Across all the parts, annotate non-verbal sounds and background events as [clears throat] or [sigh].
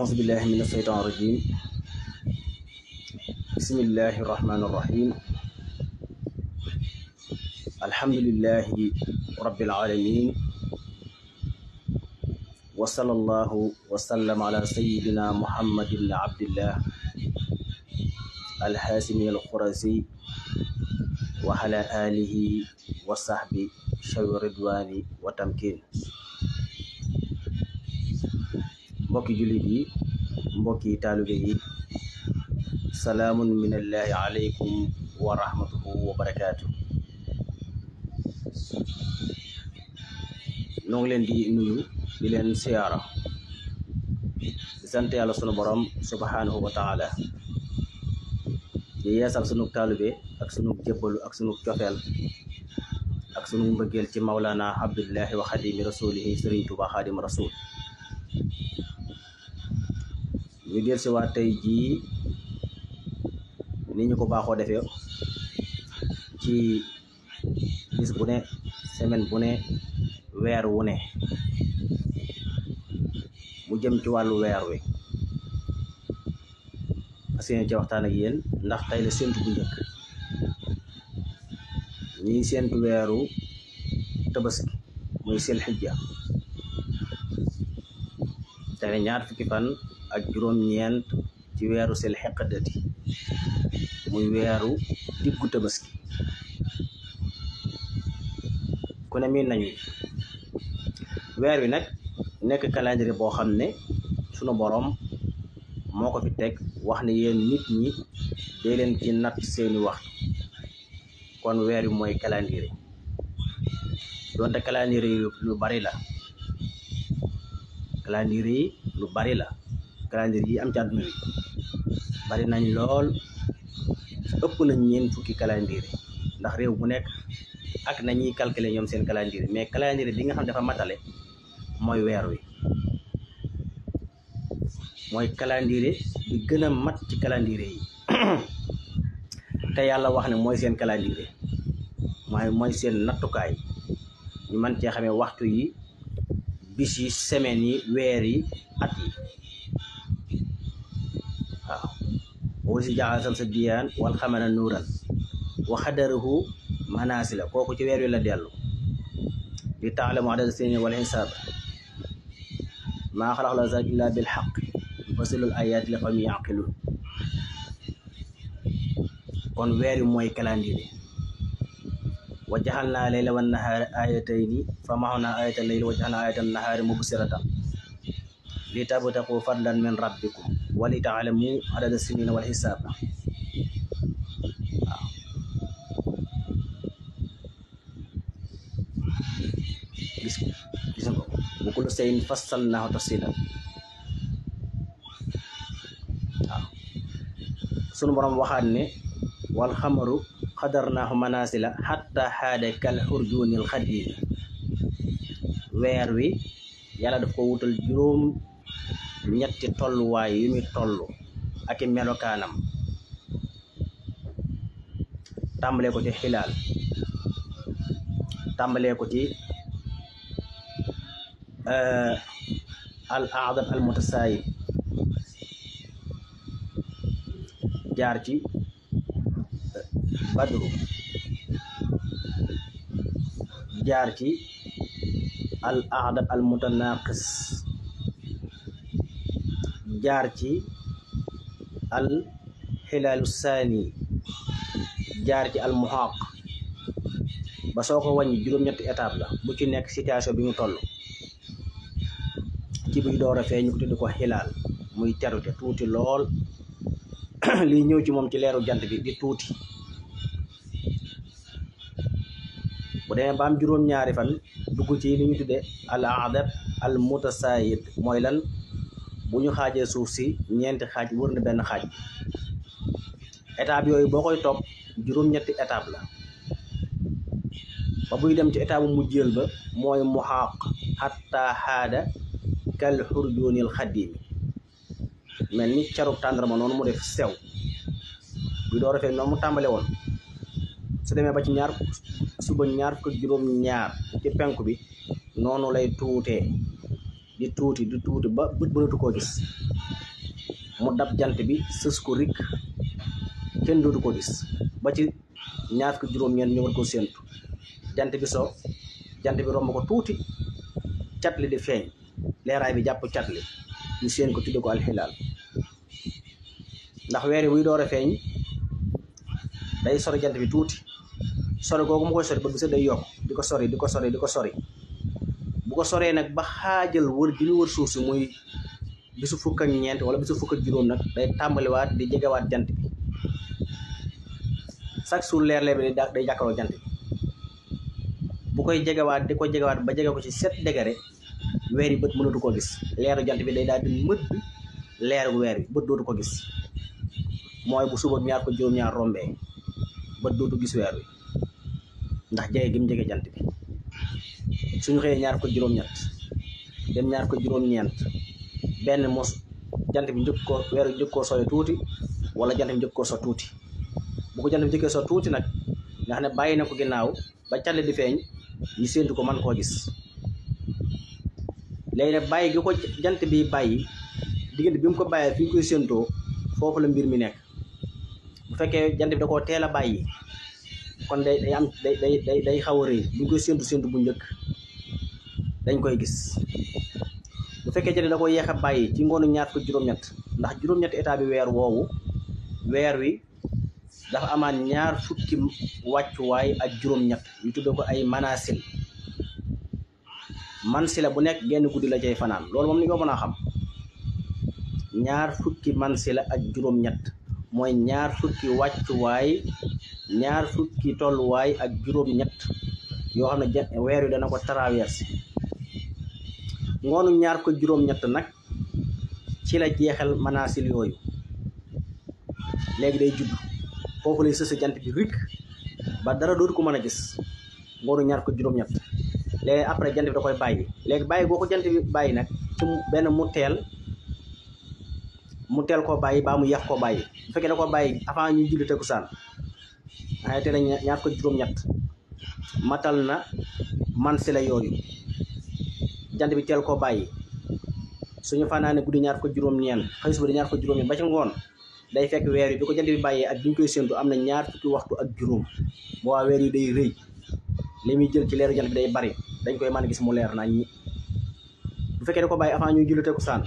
أعوذ بالله من الشيطان الرجيم بسم الله الرحمن الرحيم الحمد لله رب العالمين وصلى الله وسلم على سيدنا محمد عبد الله الحاسمي القرزي وعلى آله وصحبه شوي رضوان وتمكين mbokki julit yi mbokki talibé yi min allah alaykum wa rahmatuhu wa barakatuh noo len di nuyu di len siyaara sante yàlla sunu borom subhanahu wa taala di yeesal sunu talibé ak sunu jébbalu ak sunu cofeel ak sunu mbeugel ci maulana abdullah wa khadim rasulih sëriñ tuba khadim rasul ñu del si waat tay jii ni ñu ko baaxoo defee ci bis bu ne semaine bu ne weer wu ne mu jëm ci wàllu weer wi parce que ci waxtaan ak yéen ndax tay la séntu bu njëkk ñi séntu weeru tabaski muy sel xijja tey ñaar fukki fan ak juróom-ñeent ci weeru sil xeqadati muy weeru diggu tabaski ku ne miin nañu weer wi nag nekk calendrier boo xam ne sunu boroom moo ko fi teg wax ne yéen nit ñi dee leen ci nat seeni waxtu kon weer wi mooy calendrier donte calendrier yu bari la calendrier yi am ci àdduna bi bari nañ lool ëpp nañ ñeen fukki calendrier ndax réew bu nekk ak nañuy calculer ñoom seen calendrier mais calendrier bi nga xam dafa matale mooy weer wi mooy calendrier bi gën a mat ci calendrier yi [coughs] te yàlla wax ne mooy seen calendrier mooy mooy seen nattukaay ñu mën cee xamee waxtu yi bis yi semaine yi weer yi at yi waaw wa si jaxal sam sa diyaan wal xamana nuuran wa xadarahu manaasi la kooku ci weer wi la dellu li taalamu adada sinin wal xisaab maa xalaq la zalik illa bil xaq fasilul ayaati li qawmi yaqiluun kon weer wi mooy calendrier wa jaxal naa layla wan nahaari ayatayni fa maxoon naa ayata layli wa jaxal naa ayata nahaari mubsiratan li tabtaqu fadlan min rabbikum ولتعلموا عدد السنين والحساب وكل شيء فصلناه تفصيلا سن برام وخاني والخمر قدرناه منازل حتى حاد كالحرجون الخدي وير وي يالا دكو ووتال جروم ñetti tolluwaay yu muy aki ak i melokaanam tàmbalee ko ci xilaal tàmbalee ko ci euh, al aadam al mutasaayib jaar ci badru jaar ci al aadam al mutanaqis jaar ci al xilaalu saani jaar ci al muhaq ba soo ko wàññi juróom-ñetti étape la bu ci nekk situation bi mu toll ci buy door a fee ñu ko tudd ko xilaal muy terute tuuti lool [clears throat] li ñëw ci moom ci leeru jant bi di tuuti bu demee ba juróom-ñaari fan dugg ci li ñu tudde al aadab al mutasayid mooy lan bu ñu xaajee suuf si ñeenti xaaj wër na benn xaaj étape yooyu boo koy topp juróom-ñetti étape la ba buy dem ci étape mujjeel ba mooy muhaq xatta xaada kal xurjoonil xaddiimi mel ni carub tàndarma noonu mu def sew bi doo rafet noonu mu tàmbale woon su demee ba ci ñaar suba ñaar juróom ñaar ci penku bi noonu lay tuutee di tuuti di tuuti ba bët mënatu koo gis mu dab jant bi sës ko rik kenn dootu ko gis ba ci ñaar ko juróom-ñeent ñu war ko séentu jant bi so jant bi romb ko tuuti cat li di feeñ leeraay bi jàpp cat li ñu séen ko tudde ko alxilaal ndax weer wuy door a feeñ day sori jant bi tuuti sori googu mu koy sori ba gis day yokk di ko sori di ko sori di ko sori bu ko soree nag ba xaajal wër gi ñu wër suuf si muy bisu fukk ak ñeent wala bisu fukk ak juróom nag day tàmbaliwaat di jegewaat jant bi chaque jour leer leer bi day jàkkaroo jant bi bu koy jegewaat di ko jegewaat ba jege ko ci sept degré weer yi bët mënatu ko gis leeru jant bi day daal di mëdd leeru weer bi bët dootu ko gis mooy bu suba ñaar ko juróom-ñaar rombee bët dootu gis weer wi ndax jege gi mu jege jant bi suñu xëyee ñaar ko juróom-ñett dem ñaar ko juróom-ñeent benn mos jant bi njëkk ko weeru njëkk koo tuuti wala jant bi njëkk koo so tuuti bu ko jant bi njëkkee tuuti nag nga xam ne bàyyi na ko ginnaaw ba càll di feeñ ñu séentu ko man koo gis léegi nag bàyyi gi ko jant bi bàyyi diggante bi mu ko bàyyee fi koy séentoo foofu la mbir mi nekk bu fekkee jant bi da koo teel a bàyyi kon day day am day day xaw a rëy bu ñu koy séentu séentu bu njëkk dañ koy gis bu fekkee jëne da koy yeex a bàyyi ci ngoonu ñaar ko juróom-ñett ndax juróom-ñett état bi weer woowu weer wi dafa amaan ñaar fukki wàccuwaay ak juróom-ñett ñu tudde ko ay manasil man la bu nekk genn guddi la cay fanaan loolu moom ni nga mën a xam ñaar fukki la ak juróom-ñett mooy ñaar fukki wàccuwaay ñaar fukki tolluwaay ak juróom-ñett yoo xam ne weer wi dana ko traversé ngoonu ñaar ko juróom-ñett nag ci la jeexal manaasil yooyu léegi day judd foofu lay sësa jant bi rikk ba dara dootu ko mën a gis ngoonu ñaar ko juróom-ñett léegi après jant bi da koy bàyyi léegi bàyyi boo ko jant bi bàyyi nag ci benn mu teel mu teel koo bàyyi baa mu yéex ko bàyyi bu fekkee da koo bàyyi avant ñuy julli takkusaan waaye teel a ñaar ko juróom-ñett matal na man si la yooyu jant bi tel ko bayyi suñu fanane guddi ñaar ko juroom ñeen xaliss bu di ñaar ko juroom ñeen ba ci ngoon day fekk weer yi biko jant bi bayyi ak biñ koy sentu amna ñaar fukki waxtu ak juróom boobaa weer yi day rëy limi jël ci leer jant bi day bari dañ koy man gis mu leer nañ ñi bu fekkee da ko bàyyi avant ñuy ko saan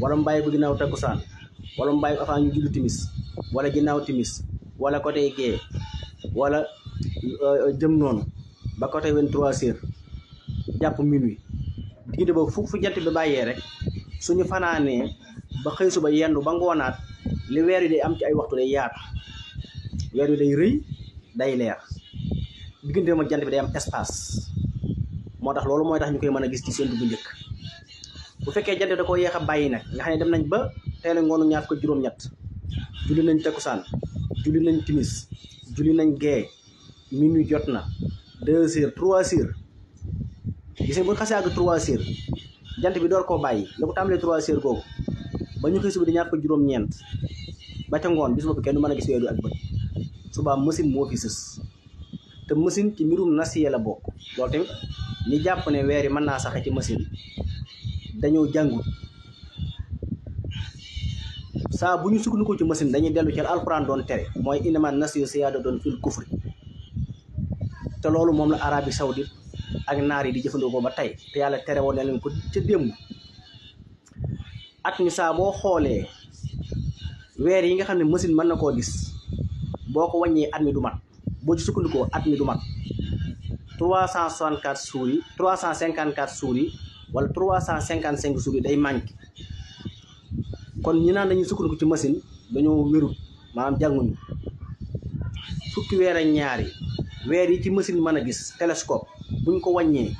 wala mu bàyyi ko ginnaaw takkusaan wala mu bàyyi ko avant ñuy julli timis wala ginaaw timis wala côté gee wala euh, jëm non ba côté 23 heures japp minuit guddi boobu fu fu jant bi baye rek suñu fanane ba xëy ba yendu ba ngoonaat li weer yi day am ci ay waxtu day yaat weer yi day reuy day leer digënde ma jant bi day am espace motax lolu moy tax ñukay mëna gis ci seen dugu ñëk bu fekke jant da ko yeex a nak nga xane dem nañ ba téle ngonu ñaar ko juroom ñatt julli nañ takkusaan julli nañ timis julli nañ gee minuit jotna 2h 3h gis bu xasse ak 3 jangan jant bi door ko bayyi la ko tamlé 3 heures gogu ba ñu xëss bi di ñaar ko juroom ñent ba ca ngoon bis bop kenn mëna gis wédu ak bëtt suba machine mo fi machine ci mirum nasiya la bok lol tamit ni japp ne wéri mën na saxé ci machine dañu jangut sa buñu ko ci machine dañuy delu ci alquran don téré moy inama nasiyu siyada don fil kufri té lolu mom la arabie saoudite ak naar yi di jëfandikoo ba tey te yàlla tere woon na leen ko ca démb at mi saa boo xoolee weer yi nga xam ne machine mën na koo gis boo ko wàññee at mi du mat boo ci sukkandikoo at mi du mat trois cent soixante quatre jours yi trois cent cinquante quatre jours yi wala cent cinquante cinq jours day manqué kon ñi naan dañuy sukkandiku ci machine dañoo wérut maanaam jànguñu fukki weer ak ñaar weer yi ci machine mën a gis télescope buñ ko wàññee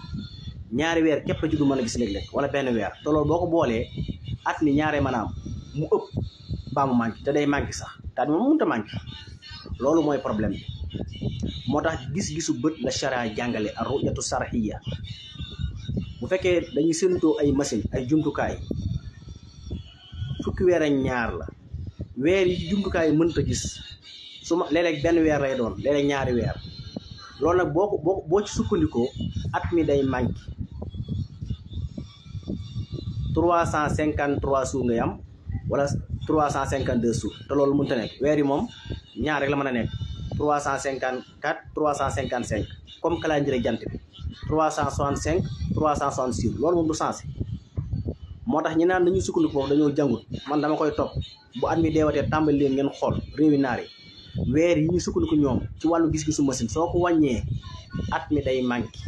ñaari weer képp ci du mën a gis léeg-léeg wala benn weer te loolu boo ko boolee at mi ñaaree maanaam mu ëpp baa mu manqué te day manki sax taat moom mënta manki loolu mooy problème bi moo tax gis-gisu bët la charia jàngale a ruyatu sarxiya bu fekkee dañuy séentoo ay machine ay jumtukaay fukki weer ak ñaar la weer yi jumtukaay mënta gis suma léeg-léeg benn weer lay doon léeg ñaari weer loolu nag boo ko boo ci sukkandikoo at mi day manqué trois cent cinquante trois jours ngay am wala trois cent cinquante deux jours te loolu mun te nekk weer yi moom ñaar rek la mën a nekk trois cent cinquante quatre trois cent cinquante cinq comme calendrier jant bi trois cent soixante cinq trois cent soixante six loolu moom du sens moo tax ñi naan dañuy sukkandikoo foofu dañoo jàngul man dama koy topp bu at mi deewatee tàmbali leen ngeen xool réewi naar yi weer yi ñu sukkandiku ñoom ci wàllu gis-gisu machine soo ko wàññee at mi day manqué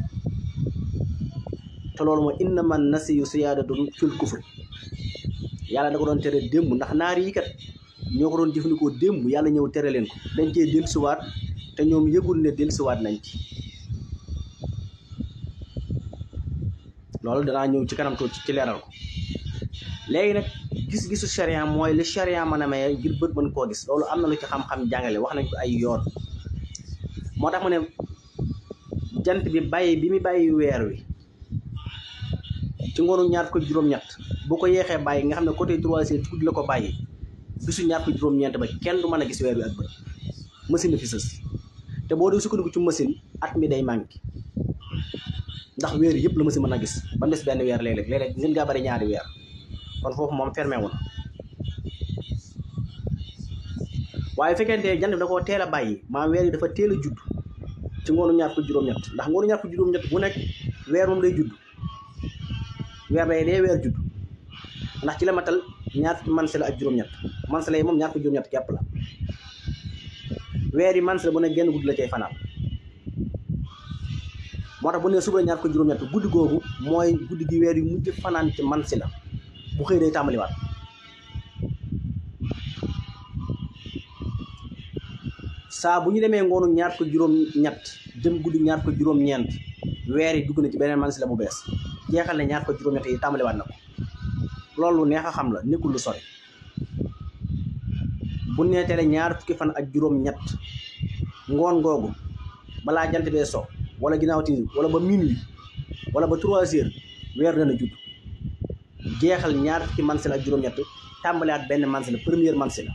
te loolu mooy inna man nasi yu siyaada dun fil kufri yàlla da ko doon tere démb ndax naar yi kat ñoo ko doon jëfandikoo démb yàlla ñëw tere leen ko dañ cee dellusiwaat te ñoom yëgul ne dellusiwaat nañ ci loolu danaa ñëw ci kanam tuuti ci leeral ko léegi nag gis-gisu sharia mooy li sharia mën a maye ngir bët mën koo gis loolu am na lu ci xam-xam jàngale wax nañ ko ay yoon moo tax mu ne jant bi bàyyi bi mu bàyyi weer wi ci ngoonu ñaar ko juróom-ñett bu ko yeexee bàyyi nga xam ne côté trois heures tuuti la ko bàyyi bisu ñaar ko juróom-ñeent ba kenn du mën a gis weer wi ak bët machine fi sës te boo dee sukkandiku ci machine at mi day manqué ndax weer yëpp la machine mën a gis ba mu des benn weer léeg-léeg léeg-léeg ngeen gaa bari ñaari weer kon fofu mom fermé wul waye fekkente jand bi da koo teel a bàyyi maam dafa téla judd ci ngonu ñaar ko juroom ñet ndax ngonu ñaar ko juroom ñet bu nek wér mom lay judd wér bay dee wér judd ndax ci la matal ñaar man sala ak juroom ñet man sala mom ñaar ko juroom ñet képp la weer yi sala bu nek genn guddi la cay fanaan moo bu ne suba ñaar ko juroom ñet guddi gogu moy guddi gi weer yu mujj fanan ci man sala bu xëy day tàmbaliwaat saa bu ñu demee ngoonu ñaar ko juróom ñett jëm guddi ñaar ko juróom ñeent weer yi dugg na ci beneen mansi la bu bees jeexal na ñaar ko juróom ñett yi tàmbaliwaat na ko loolu neex a xam la nekkul lu sori bu neetele ñaar fukki fan ak juróom ñett ngoon googu balaa jant bee so wala ginnaaw timis wala ba minuit wala ba trois heures weer dana judd jeexal ñaar ci mansil ak juróom-ñett tàmbaliwaat benn mansil première mansil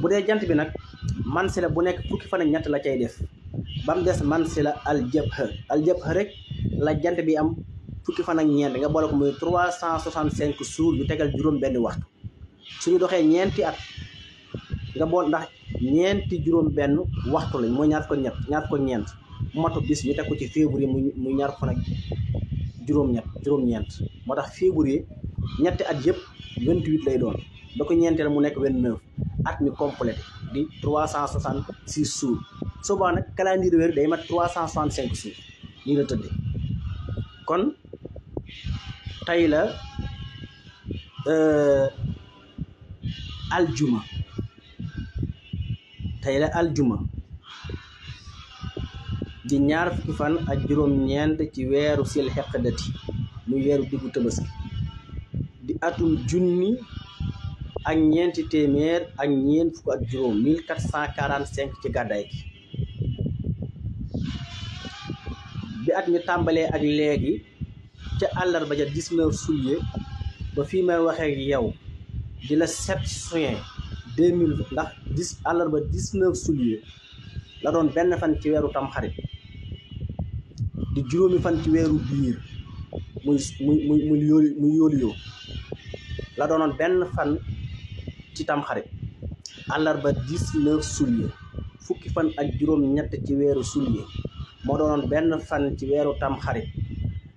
bu dee jant bi nag mansil bu nekk fukki fan ak ñett la cay def bam mu man mansil al jabha al jabha rek la jant bi am fukki fan ak ñeent nga boole ko muy 365 suur yu tegal juróom benn waxtu suñu doxee ñeenti at nga bol ndax ñeenti juróom benn waxtu lañ mooy ñaar ko ñett ñaar ko ñeent matu bis ñu teg ko ci février muy ñaar fan ak juróom-ñett juróom-ñeent moo tax février ñetti at yëpp vingt lay doon ba ko ñeenteel mu nekk vingt neuf at mi complété di trois cent soixante six jours souvent day ma trois cent soixante cinq jours la tëddee kon tey la euh, aljuma tey la aljuma di ñaar fukki fan ak juróom-ñeent ci weeru sil xeqdati muy weeru diggu tabaski di atum junni ak ñeenti téeméer ak ñeen fukk ak juróom 1445 ci gàddaay gi bi at ñu tàmbalee ak léegi ca ba ja 19 juillet ba fii may waxee ak yow di la 7 juin 2000 ndax 10 ba 19 juillet la doon benn fan ci weeru xarit di juróomi fan ci weeru biir muy muy muy muy muy yóoli yoo la donon ben fan ci tam xare alar ba 19 juillet fukki fan ak juróom-ñett ci wéru juillet mo donon ben fan ci wéru tam xare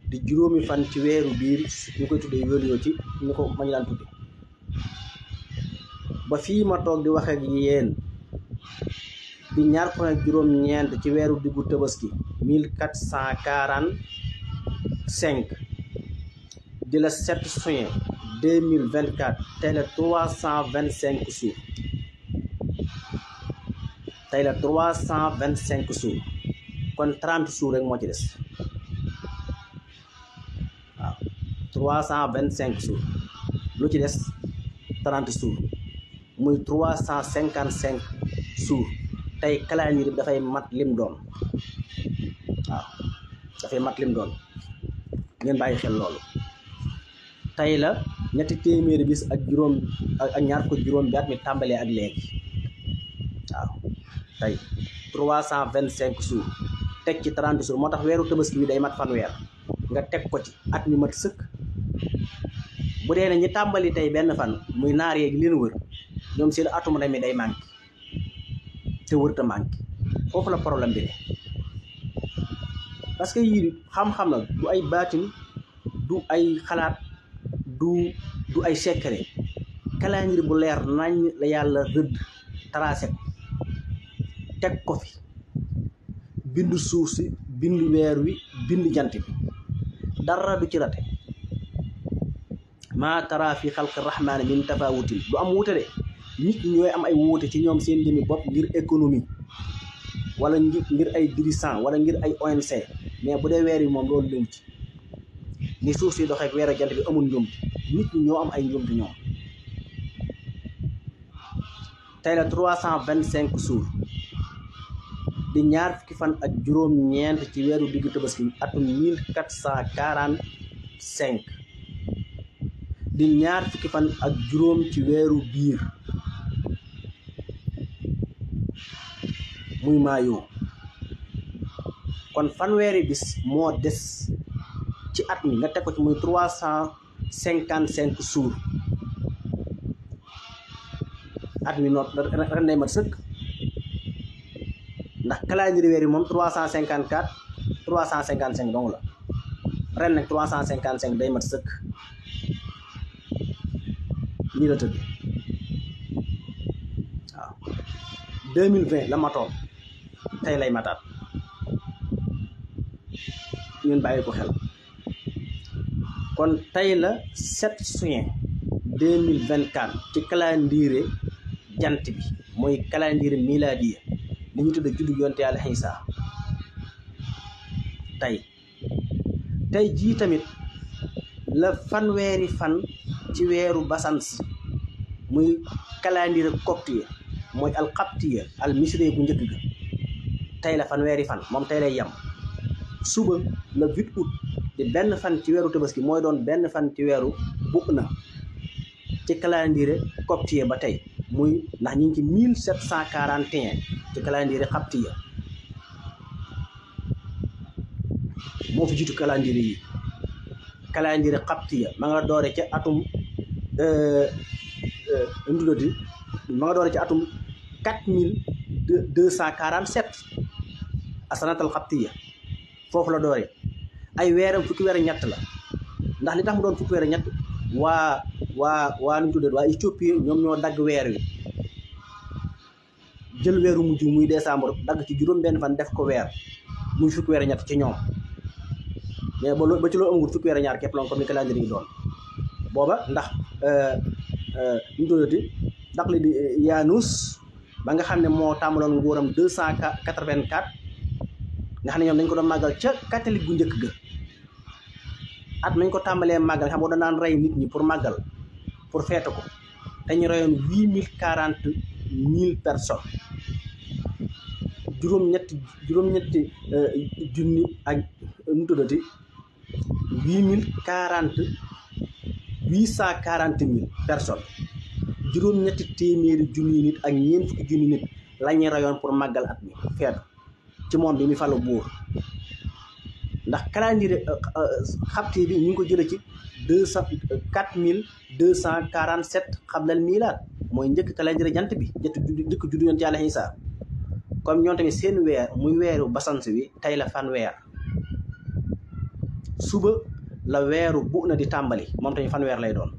di juróomi fan ci wéru biir ñu koy tuddé yóoli yoo ci ñu ko ma ñu tuddé ba fi ma tok di wax ak yeen di ñaar fukk ak juróom ñent ci wéru digu tebeski 1445 di la 7 juin 2024 tey la 325 jours tey la 325 jours kon 30 jours rek moo ci des waaw 325 jours lu ci des 30 jours muy 355 jours tey calendrier bi dafay mat lim doon waaw dafay mat lim doon ngeen bàyyi xel loolu. tay la ñetti téeméeri bis ak juróom ak ñaar ko juróom bi at mi tàmbalee ak léegi waaw tey 325 cent tek jours teg ci 30 jours moo tax weeru tabaski bi day mat fanweer nga teg ko ci at mi mat sëkk bu dee ne ñi tàmbali tey benn fan muy naar yeeg leen wër ñoom seen atum na mi day manqué te wër te manqué foofu la problème bi ne parce que yii xam-xam la du ay baatin du ay xalaat du du ay secret calendrier bu leer nañ la yàlla rëdd tracé teg ko fi bind suuf si bind weer wi bind jant bi dara du ci rate maa tara fi xalqi rahmaani min tafawutin du am wuute de nit ñooy am ay wuute ci ñoom seen jëmi bopp ngir économie wala ngir ay dirigeant wala ngir ay ONC mais bu dee weer yi moom loolu leen ci ni suuf si doxeek weer ak jant bi amul njuumte nit ñi ñoo am ay njuumte ñoom tey la 325 cent di ñaar fukki fan ak juróom ñeent ci weeru diggu tabaski atum 1445 di ñaar fukki fan ak juróom ci weeru biir muy maayoo kon fanweeri bis moo des ci at mi nga teg ko ci muy trois cent cinquante cinq jours at mi noot ren day mat sëkk ndax calendrier weer yi moom trois cent cinquante quatre trois cent cinquante cinq dong la ren nag trois cent cinquante cinq day mat sëkk nii la tëdd waaw deux mille vingt la matoon tey lay mataat ngeen bàyyi ko xel kon tey la 7 juin 2024 ci calendrier jant bi mooy calendrier miladiya li ñu tudde juddu yonte yàlla Iisaa tey tey jii tamit la fanweeri fan ci weeru basans muy calendrier coptiye mooy alxaptiye al misri bu njëkk ga tey la fanweeri fan moom tey lay yem suba le 8 août di benn fan ci weeru tabaski mooy doon benn fan ci weeru bukk na ci calendrier coptier ba tey muy ndax ñu ngi ci mille sept cent quarante et ci calendrier xabtiya moo fi jiitu calendrier yi calendrier xabtiya ma doore ci atum ndudati ma nga doore ci euh, euh, atum quatre mille deux cent quarante sept asanatal foofu la doore ay wéram fukki wéra ñatt la ndax li tax mu doon fukki wéra ñatt wa wa wa ñu tudde wa Éthiopie ñom ñoo dag weer wi jël weeru mujju muy décembre dag ci juroom benn fan def ko weer muy fukki wéra ñatt ci ñom mais ba ba ci loolu amul fukki wéra ñaar kep lon comme ni calendrier yi doon boba ndax euh euh ñu tuddati ndax li di euh, Yanus ba nga xam mo moo tàmbaloon nguuram deux nga xam ñom dañ ko doon magal ca catholique bu ñëk ga at nañ ko tàmbalee màggal xam nga naan rey nit ñi pour màggal pour feete ko dañu reyoon huit mille quarante mille personnes juróom-ñetti euh, junni ak euh, nu tuddati huit mille quarante huit cent quarante mille personnes juróom-ñetti téeméeri junni nit ak ñeent fukki junni nit la reyoon pour màggal at mi feetu ci moom bi mi falu buur ndax calendrier euh, euh, xabti bi ñu ngi ko jëlee ci deux cent quatre mille deux cent quarante sept xablal miilaat mooy njëkk calendrier jant bi njëkk juddu njëkk juddu yonent yàlla Isaa comme ñoom tamit seen weer muy weeru basans wi tey la fan weer suba la weeru bu na di tàmbali moom tamit fanweer lay doon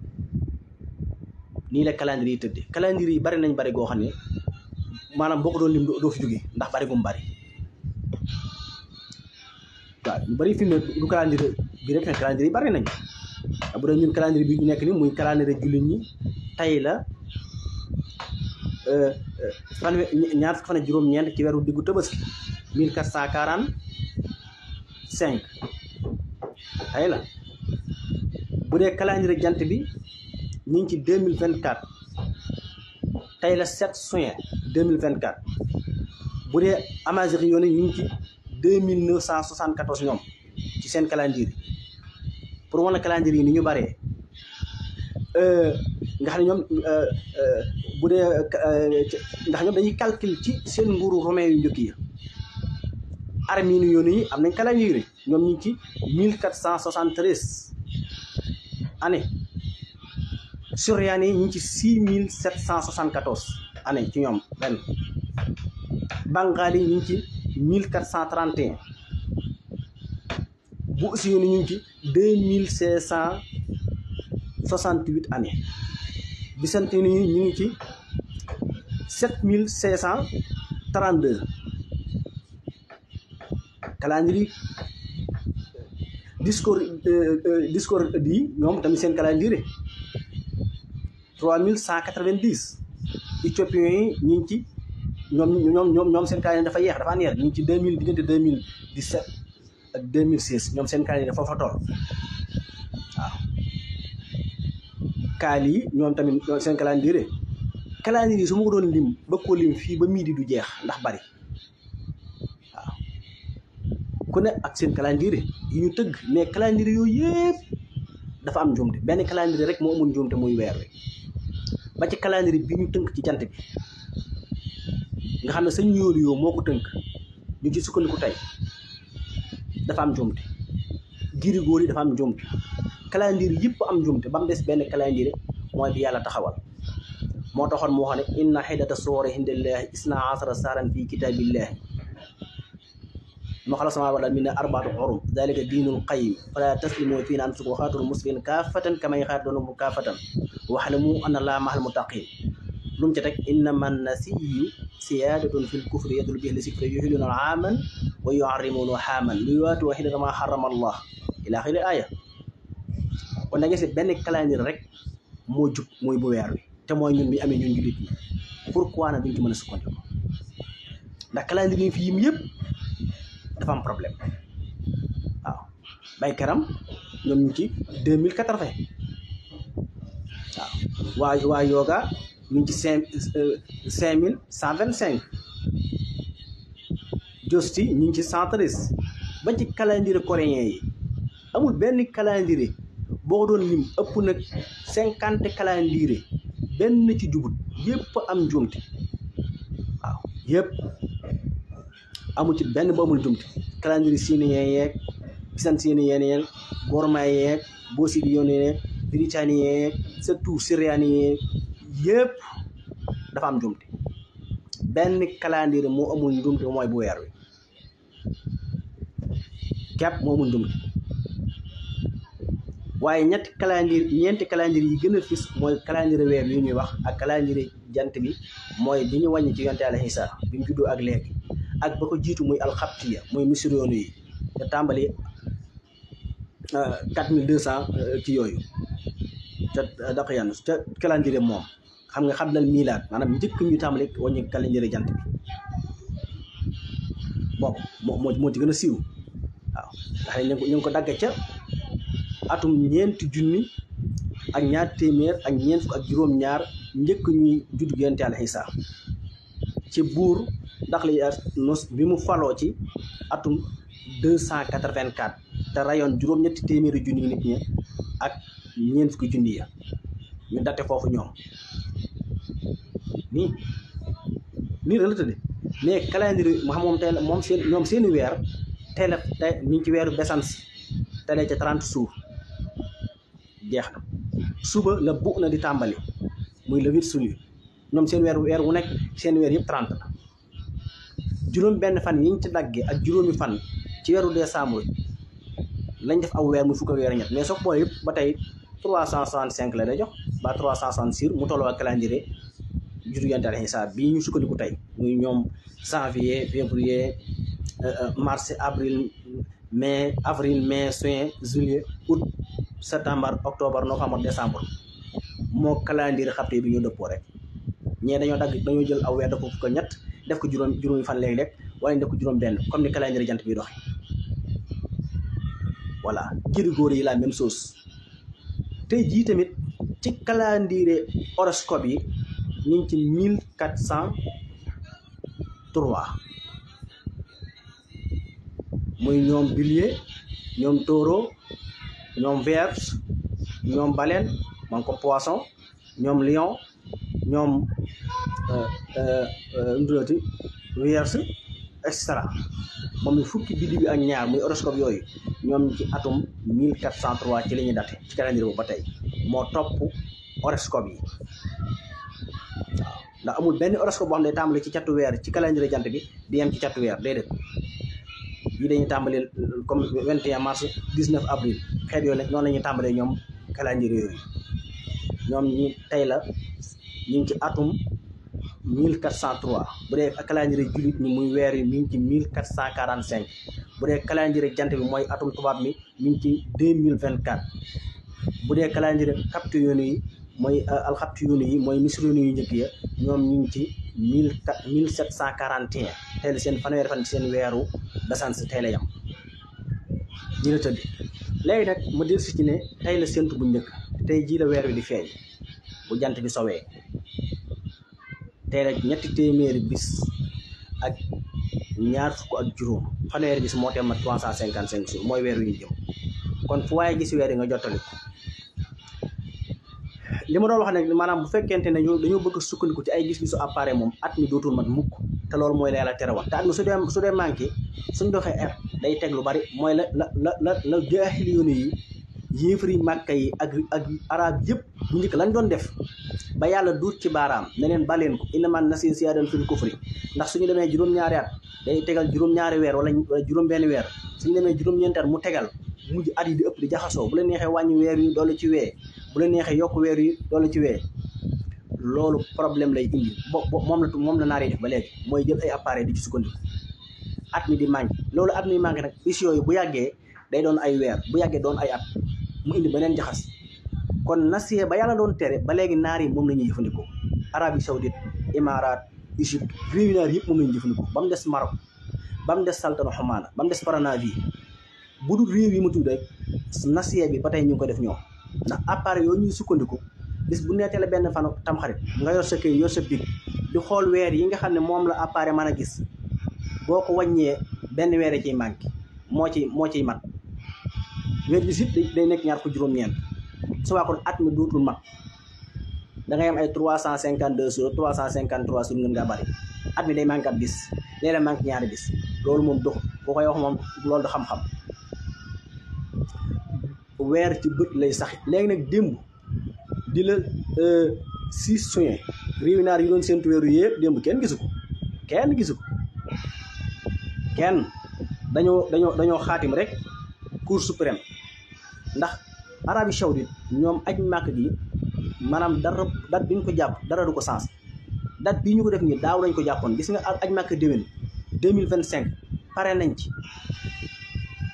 nii la calendrier yi tëddee calendrier yi bari nañ bari goo xam ne maanaam boo ko doon lim doo fi jóge ndax bari gum bari waaw ñu bëri fi mu ne du calendrier bi rek nag calendrier yi bëri nañ bu dee ñun calendrier bi ñu nekk ni muy calendrier jullit ñi tey la fanwe ñaar fukki fan ak juróom-ñeent ci weeru diggu Tabaski 1445 quatre tey la bu dee calendrier jant bi ñu ngi ci 2024 mille tey la 7 juin deux mille bu dee amazigh yoon ñu ngi ci 2974 ñom ci seen calendrier pour wala calendrier ni ñu bare euh nga xamne ñoom euh euh bu dé euh, ndax ñoom dañuy calcul ci seen nguuru romain yu ñëk ya armée ñu yoni am nañ calendrier ñom ñi ci 1473 année suryani ñi ci 6774 année ci ñom ben bangali ñi ci mille quatre cent trente et un bu aussi ñu ngi ci deux mille cinq cent soixante huit année bisante ni ñu ngi ci sept mille cinq cent trente deux calendrier discours euh, euh, discours di ñoom tamit seen calendrier trois mille cent quatre vingt dix éthiopiens yi ñu ngi ci ñoom ñoom ñoom ñoom seen carnet dafa yeex dafa ñu ci deux mille diggante deux mille ak deux mille ñoom seen carnet dafa waaw kaal ñoom tamit seen calendrier calendrier yi su ma ko doon lim ba ko lim fii ba mii di du jeex ndax bari waaw ku ne ak seen calendrier yi ñu tëgg mais calendrier yooyu yëpp dafa am njuumte benn calendrier rek moo amul njuumte muy weer wi ba ci calendrier bi ñu tënk ci jant bi nga xam ne sëñ yóolu yoo moo ko tënk ñu ci sukkandiku tey dafa am jumt giri góor yi dafa am njuumte calendrier yëpp am jumt ba mu des benn calendrier mooy bi yàlla taxawal moo taxoon moo wax ne inna xidata soore hindillaahi isna asara saaran fii kitaabillaahi maxala sama wala min ne arbaatu xorum dalika diinul qayim fala taslimu fii na an suko xaatul muslimin kaafatan kamay xaatoonbu mu ana laa maxal mu taqin lu mu ca teg inna man nasiyu سيادة في الكفر يدل به لسكر يهلنا عاما ويعرمون حاما ليواتوا حين ما حرم الله إلى آخر الآية kon da ngay seet benn calendrier rek moo jub mooy bu weer wi te mooy ñun bi amee ñun jullit ñi pourquoi nag duñ ci mën a sukkandiku ndax calendrier yi fi yim yëpp dafa am problème waaw ñu ci yoga ñu ngi ci cinq euh, cinq mille cent vingt cinq josti ñu ngi ci cent ba ci calendrier coréen yi amul benn calendrier boo doon lim ëpp nag cinquante calendrier benn ci jubut yépp am jumti waaw yépp amul ci benn ba amul njuumte calendrier sinien yeeg gisan sinien yeeg gorma yeeg bosidi yone yeeg britanien yeeg surtout syrianien yeeg yëpp dafa am njuumte benn calendrier moo amul njuumte mooy bu weer wi képp moo amul njuumte waaye ñetti calendrier ñeenti calendrier yi gën a fis mooy calendrier weer wi ñuy wax ak calendrier jant bi mooy bi ñu wàññi ci yonte Yàlla Isa bi mu juddoo ak léegi ak ba ko jiitu muy alxabtiya muy misiriyoonu yi te tàmbali euh, quatre euh, ci yooyu ca euh, daq yanus ca calendrier moom xam nga xablal miilaat maanaam njëkk ñu tàmbali wàññi calendrier jant bi boobu moo moo ci gën a siiw waaw ndax ñu ko ñu ko dagg ca atum ñeenti junni ak ñaar téeméer ak ñeent fukk ak juróom njëkk ñuy judd yonent Yàlla Isaa ci buur ndax li bi mu faloo ci atum deux cent te rayoon juróom téeméeri junni nit ñi junni ya ñu date foofu ñoom nii nii la la tëddee mais calendrier xam moom tey moom seen ñoom seen weer tey la tey ñu ngi ci weeru besans te la ca trente jours jeex na suba la bu na di tàmbali muy le huit suñu ñoom seen weer weer wu nekk seen weer yëpp trente la juróom benn fan yi ñu ci daggee ak juróomi fan ci weeru décembre lañ def aw weer muy fukk ak weer ñett mais soo ko yëpp ba tey trois cent soixante cinq la day jox ba trois cent soixante six mu tolloo ak calendrier juddu yonent Yàlla Isaa bii ñu sukkandiku tey muy ñoom janvier février euh, euh, mars mais mai avril mai juin juillet août septembre octobre novembre décembre moo calendrier xabte bi ñoo dëppoo rek ñee dañoo dagg dañoo jël aw weer def ko ko ñett def ko juróom juróomi fan léeg-léeg wala ñu ko juróom benn comme ni calendrier jant bi doxe voilà grégorien yi la même chose tey jii tamit ci calendrier horoscope yi ñu ngi ci mille quatre cent trois muy ñoom bélier ñoom taureau ñoom vierge ñoom baleine man ko poisson ñoom lion ñoom euh, euh, euh, ndulati vierge et cetera moom mi fukki biddiw yi ak ñaar muy horoscope yooyu ñoom ci atum mille quatre cent trois ci la ñuy ci calendrier bu ba tey moo topp horoscope yi ndax amul benn horoscope boo xam ne tàmbali ci catu weer ci calendrier jant bi di yem ci catu weer déedéet yi dañuy tàmbali euh, comme 21 mars 19 avril xeet yooyu nag noonu la tàmbalee ñoom calendrier yooyu ñi tey la ñu ngi ci atum 1403 bu dee calendrier jullit ñi muy weer yi mi ngi ci 1445 bu dee calendrier jant bi mooy atum tubaab mi mi ngi ci 2024 bu dee calendrier capte yi mooy euh, alxabtiyuun yi mooy misriyuun yu njëkk ya ñoom ñu ngi ci mille mille sept cent quarante et un teel seen fanweeri fan seen weeru descente tey la yam si ci ne tey la séntu bu njëkk tey jii la weer wi di feeñ bu jant bi sowee tey la ñetti téeméeri bis ak ñaar fukk ak juróom fanweeri bis moo teem ma trois cent cinquante cinq jours mooy weer wi ñu jëm kon fu waaye gis weer yi nga jottali ko li ma doon wax nag maanaam bu fekkente ne ñu dañoo bëgg a sukkandiku ci ay gis-gisu appareil moom at mi dootul mat mukk te loolu mooy la yàlla tere woon te at mi su dee su dee manqué suñ doxee at teg lu bari mooy la la la la la jaaxil yoonu yi yéefari màkka yi ak ak arab yëpp bu njëkk lañ doon def ba yàlla duut ci baaraam ne leen baleen ko inaman nasin siyadan fil kufri ndax suñu demee juróom-ñaari at day tegal juróom-ñaari weer wala juróom-benn weer suñu demee juróom-ñeenti mu tegal mujj at yi di ëpp di jaxasoo bu la neexee wàññi weer yi doole ci wee bu la neexee yokk weer yi la ci weer loolu problème lay indi bo moom la moom la naar yi def ba léegi mooy jël ay appareil di ci sukkandiku at mi di manqué loolu at mi manqué nag bis yooyu bu yàggee day doon ay weer bu yàggee doon ay at mu indi beneen jaxas kon nasiye ba yàlla doon tere ba léegi naar yi moom la ñuy jëfandikoo Arabie Saoudite Émirats Égypte réewi naar yëpp moom la ñuy jëfandikoo ba mu des Maroc ba mu des Saltano Oman ba mu des Paranavie bu dul réew yi mu tudd rek nasiye bi ba tey ñu ngi ko def ñoom na appareil yooyu ñuy sukkandiku bis bu neetee la benn tam xarit nga yor sa këy yor sa big di xool weer yi nga xam ne moom la appareil mën a gis boo ko wàññee benn weer ciy manqué moo ci moo ciy mat weer bi sit day nekk ñaar ko juróom-ñeent su waa kon at mi dootul mat da ngay am ay 352 jours 353 sur ngeen ngaa bari at mi day manqué bis léeg-léeg manqué ñaari bis loolu moom doxul ko koy wax moom loolu du xam-xam weer ci bët lay sax léegi nag démb di la euh, six juin réewi naar yi doon seentu weeru yëpp démb kenn gisu ko kenn gisu ko kenn dañoo dañoo dañoo xaatim rek cour suprême ndax Arabie Saoudite ñoom aj màkk gi maanaam dara dat bi ko jàpp dara du ko sens dat bii ñu ko def nii daaw lañ ko jàppoon gis nga aj màkk déwén deux mille vingt cinq pare nañ ci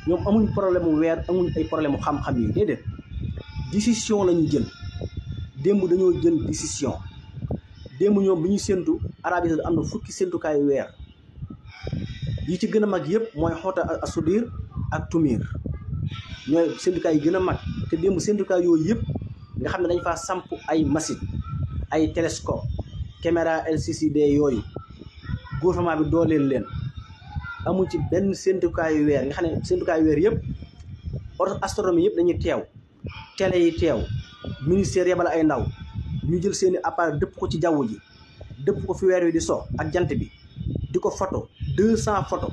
ñoom amuñ problème mu weer amuñ ay problème mu xam-xam yi déedéet décision lañu jël démb dañoo jël décision démb ñoom bi ñu séntu Arabie Saoudite am na fukki séntukaayu weer yi ci gën a mag yëpp mooy xoota asudir ak tumir ñooy séntukaay yi gën a mag te démb séntukaay yooyu yëpp nga xam ne dañ faa samp ay machine ay télescope caméra LCCD yooyu gouvernement bi leen leen amul ci benn séntukaayu weer nga xam ne séntukaayu weer yëpp astronomie yëpp dañuy teew télé yi teew ministère yebal ay ndaw ñu jël seeni appareil dëpp ko ci jaww ji dëpp ko fi weer wi di so ak jant bi di ko foto deux cent photo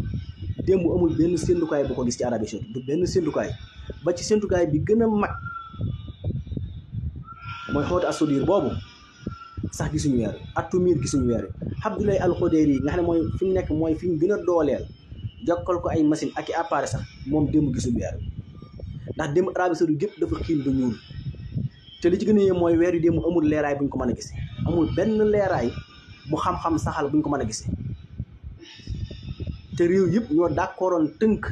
amul benn séntukaay bu ko gis ci Arabie Saoudite du benn séntukaay ba ci séntukaay bi gën a mag mooy xooti assudir boobu sax gisuñu weer wi atumir gisuñu weer yi Abdoulaye Al Khodeiri yi nga xam ne mooy fi mu nekk mooy fi ñu gën a dooleel jokkal ko ay machine ak i appareil sax moom démb gisul weer ndax démb Arabie Saoudite gépp dafa xiin ba ñuul te li ci gën a yee mooy weer yu démb amul leeraay bu ñu ko mën a gis amul benn leeraay bu xam saxal bu ñu ko mën a gis te réew yëpp ñoo d'accordoon tënk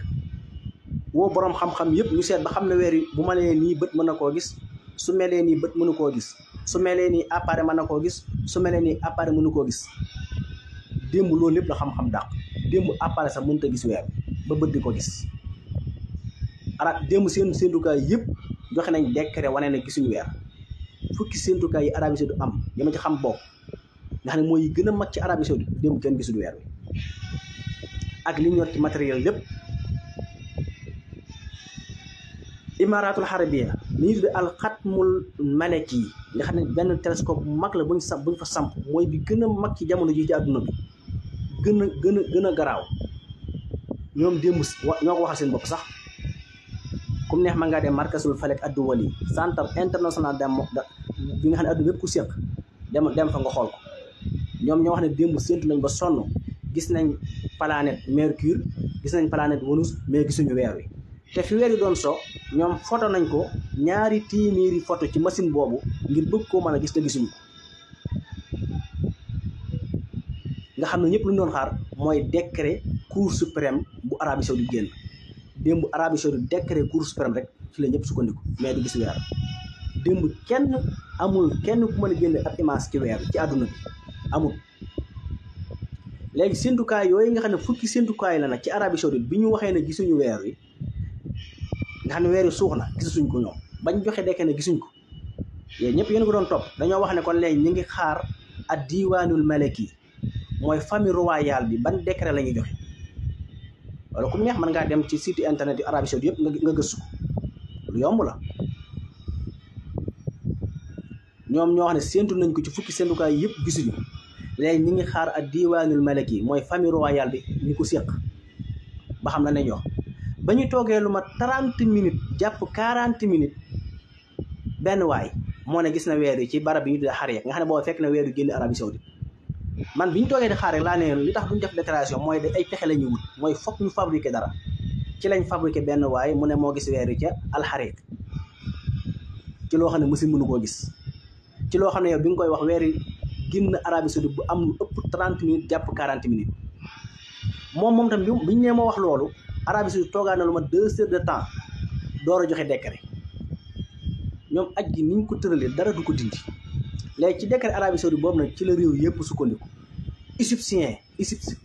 woo borom xam-xam yëpp ñu seet ba xam ne weer yi bu melee nii bët mën na koo gis su melee nii bët mënu koo gis su melee nii appareil mën na koo gis su melee nii appareil mënu koo gis démb loolu lépp la xam-xam dàq. démb appareil sa mënut gis weer ba bët ko gis ara démb seen seen séentukaay yépp joxe nañ décret wané na gisuñu weer fukki seen séentukaay yi Arabie Saoudite am dama ya ci xam bok nga xam ne mooy gën a mag ci Arabie Saoudite démb kenn gisuñu weer ak li ñor ci matériel yépp imaratul xarabiya ni ñuy al khatmul malaki nga xam ben telescope télescope mag la buñ sa buñ fa sam moy bi gëna a mag ci jamono ji ci aduna bi gën a gën a gën a garaaw ñoom démb ñoo ko waxal seen bopp sax comme neex ma ngaa dem markasul falek addu wali centre international dem bi nga xam ne addu bépp ku séq dem dem fa nga xool ko ñoom ñoo wax ne démb séntu nañ ba sonn gis nañ planète mercure gis nañ planète Vénus mais gisuñu weer wi te fi weer wi doon so ñoom photo nañ ko ñaari téeméeri photo ci machine boobu ngir bëgg koo mën a gis te gisuñu nga xam ne ñëpp lu ñu doon xaar mooy décret cour suprême bu Arabie Saoudite génn démb Arabie Saoudite décret cour suprême rek ci la ñëpp sukkandiku mais du gis weer démb kenn amul kenn ku mën a génne ab image ci weer ci àdduna bi amul léegi séntukaay yooyu nga xam ne fukki séntukaay la nag ci Arabie Saoudite bi ñu waxee ne gisuñu weer wi nga xam ne weer wi suux na gisuñ ko ñoom bañ joxe dekkee ne gisuñ ko yooyu ñëpp yéen ko doon topp dañoo wax ne kon léegi ñu ngi xaar ad diwaanul malaki mooy famille royale bi ban décret la ñuy joxe wala ku neex man ngaa dem ci site internet yu Arabie Saoudite yëpp nga gëstu lu yomb la ñoom ñoo xam ne séentu nañ ko ci fukki syndicat yëpp gisuñu léegi ñi ngi xaar ak diwaanul malaki yi mooy famille royale bi ñu ko séq ba xam na ne ñoo ba ñu toogee lu ma trente minutes jàpp quarante minutes benn waay moo ne gis na weer yi ci barab bi ñu tuddee xar nga ne boo fekk na weer yu génn Arabie Saoudite man bi ñu toogee di xaar laa ne li tax duñ def déclaration mooy ay pexe la ñu wut mooy foog ñu fabriquer dara ci lañ fabriquer benn waaye mu ne moo gis weer wi ca alxariq ci loo xam ne si mënu koo gis ci loo xam ne yow bi nga koy wax weer yi génn Arabie bu am lu ëpp trente minutes jàpp quarante minutes moom moom tam bi ñu nee ma wax loolu Arabie Saoudite toogaa na lu ma deux heures de temps door a joxe décret ñoom aj gi ni ñu ko tëralee dara du ko léegi ci décret Arabie Saoudite boobu na ci la réew yëpp sukkandiku égyptien égypte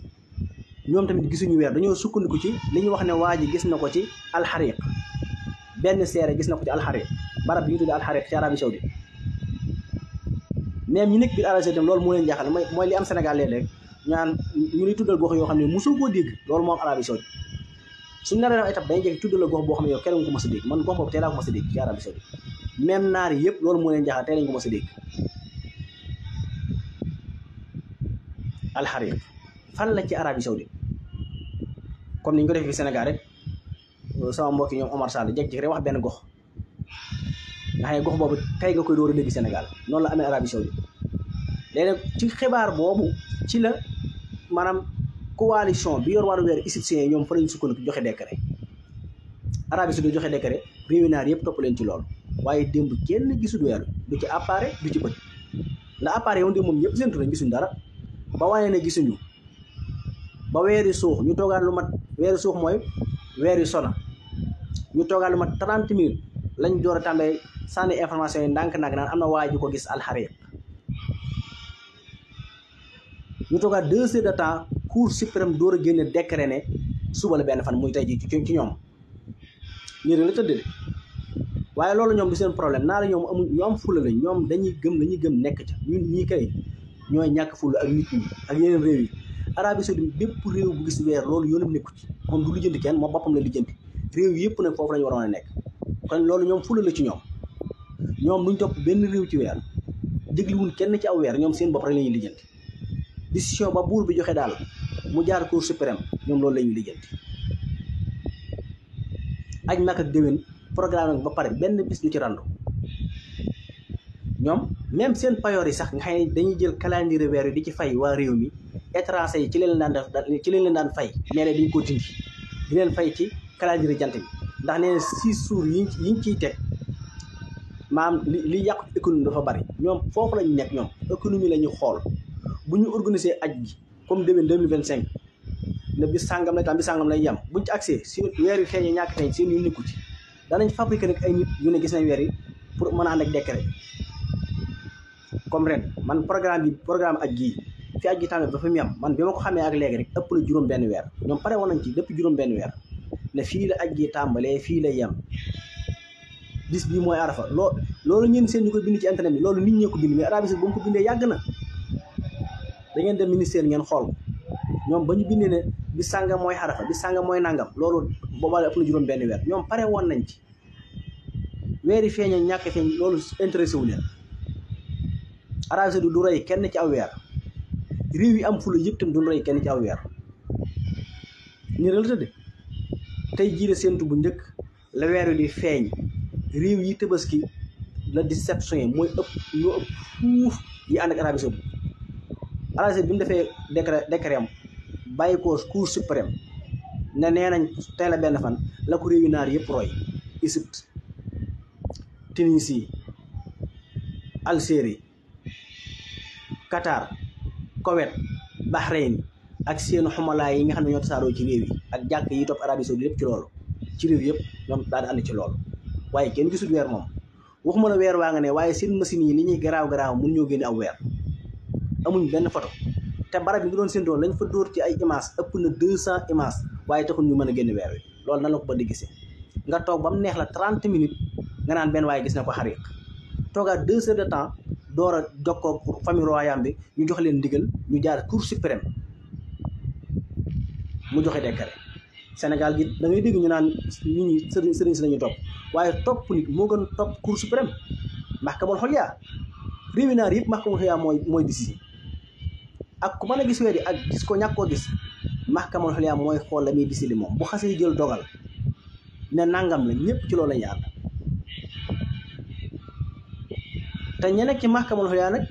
ñoom tamit gisuñu weer dañoo sukkandiku ci li ñu wax ne waa ji gis na ko ci alxariq benn seere gis na ko ci alxariq barab bi ñu tuddee alxariq ci Arabie Saoudite même ñu nekk biir Arabie Saoudite loolu moo leen jaaxal mooy li am Sénégal léeg rek ñaan ñu ni tuddal gox yoo xam ne mosoo koo dégg loolu moo am Arabie Saoudite suñu naree def étape la gox boo xam ne yow kenn nga ko man gox a dégg ci naar yi yëpp loolu moo leen jaaxal tey lañ ko mos a dégg alxarir fan la ci Arabie Saoudite comme ni ñu ko defee fi Sénégal rek sama mbokki ñoom Omar Sall jékki-jékki rek wax benn gox nga xam gox boobu kay nga koy dóor a dégg Sénégal noonu la amee Arabie Saoudite léegi ci xibaar boobu ci la maanaam coalition bi yor wàllu weer égyptien yi ñoom fa lañ sukkandiku joxe décret Arabie Saoudite joxe décret réewi naar yëpp topp leen ci lool waaye démb kenn gisul weeru du ci appareil du ci bët ndax appareil yoon de moom ñëpp séntu nañ gisuñ dara ba wane ne gisuñu ba weeri suux ñu toogaat lu mat weeri suux mooy weeri sona ñu toogaat lu mat trente minutes lañ door a tàmbalee sànni information yi ndànk nag naan am na waay ju ko gis alxariq ñu toogaat deux de temps cour suprême door a génne décret ne benn fan muy tey ji ci ñoom ñu la tëdd de waaye loolu ñoom du seen problème naa la ñoom amuñ ñoom fula la ñoom dañuy gëm la ñuy gëm nekk ca ñu ñii kay ñooy ñàkk fulu ak nit ñi ak yeneen réew yi Arabie Saoudite bépp réew bu gis weer loolu yoonam nekku ci moom du lijjanti kenn moom boppam la lijjanti réew yëpp nag foofu lañu waroon a nekk kon loolu ñoom fula la ci ñoom ñoom duñ topp benn réew ci weer dégluwuñ kenn ci aw weer ñoom seen bopp rek la ñuy lijjanti décision ba buur bi joxe daal mu jaar cour suprême ñoom loolu lañuy ñuy lijjanti aj Makka ak déwén programme ba pare benn bis du ci randu ñoom même seen payoor yi sax nga xam dañuy jël calendrier weer yi di ci fay waa réew mi étranger yi ci leen daan def ci leen leen daan fay nee di dañ ko dindi di leen fay ci calendrier jant bi ndax nee na six jours yi ñu ciy teg maam li li yàqu économie dafa bari ñoom foofu lañu nekk ñoom économie la ñu xool bu ñu organiser aj gi comme déwén deux mille cinq ne bi sàngam lay tam bi sàngam lay yem buñ ci accès si weer yi feeñee ñàkk feeñ seen yu nekku ci danañ fabriquer nag ay nit yu ne gis nañ yi pour mën a ànd ak comme ren man programme bi programme ak gi fi aj gi tàmbali ba fa mu man bima ko xamee ak léegi rek ëpp lu juróom ben weer ñom pare woon nañ ci depuis juróom ben weer ne fi la aj gi tàmbalee fii la yam bis bi moy arafa loo loolu ñeen seen ñu koy bind ci internet bi loolu nit ñee ko bind mais arabie bu ko bindé yag na da ngeen dem ministère ngeen xol ñom bañu bindé bindee ne bi sanga moy arafa bi sanga moy nangam lolu bo ba ëpp lu juróom ben weer ñom pare won nañ ci wéri feñ ñak feñ lolu intéressé wu leen arabie saoudite du rey kenn ci aweer weer réew yi am fulo yëpp tam duñ rey kenn ci aw weer tëdd tey jii la bu njëkk la weer wi di feeñ réew yi tabaski la dix-sept mooy ëpp ñoo ëpp fuuf yi ànd ak arabie saoudite bi mu defee décret décret am bàyyi ko cour suprême nee nañ tey la benn fan la ko réew yu naar yëpp roy Égypte Tunisie Algérie Qatar Koweït bahrain ak seenu xumala yi nga xamne ñoo tassaro ci rew yi ak jakk yi top Arabie Saoudite yëpp ci loolu ci rew yëpp ñom daal and ci loolu waye kenn gisul wer mom waxuma la wer wa nga ne waye seen machine yi ni ñi graw graw mu ñoo génne aw wer amuñ benn photo te barab yi ñu doon seen doon lañ fa door ci ay image ëpp na 200 image waye taxu ñu mëna a wer wi loolu na la ko ba di gisee nga toog bam neex la 30 minutes nga naan ben waye gis na ko xariq toga 2 heures de temps door a jokkoo famille yambe bi ñu jox leen ndigal ñu jaar cour suprême mu joxe décret Sénégal gi da ngay dégg ñu naan nit ñi sëriñ sëriñ si lañu topp waaye topp nit moo gën topp cour suprême bon xoliyaa réewi naar yëpp maxkamul xoliyaa mooy mooy décision ak ku mën a gis weer ak gis ko ñàkkoo gis maxkamul xoliyaa mooy xool la muy moom bu xasee jël dogal ne nangam la ñëpp ci loolu la te ñene nekk ci maxkamul xulyaa nag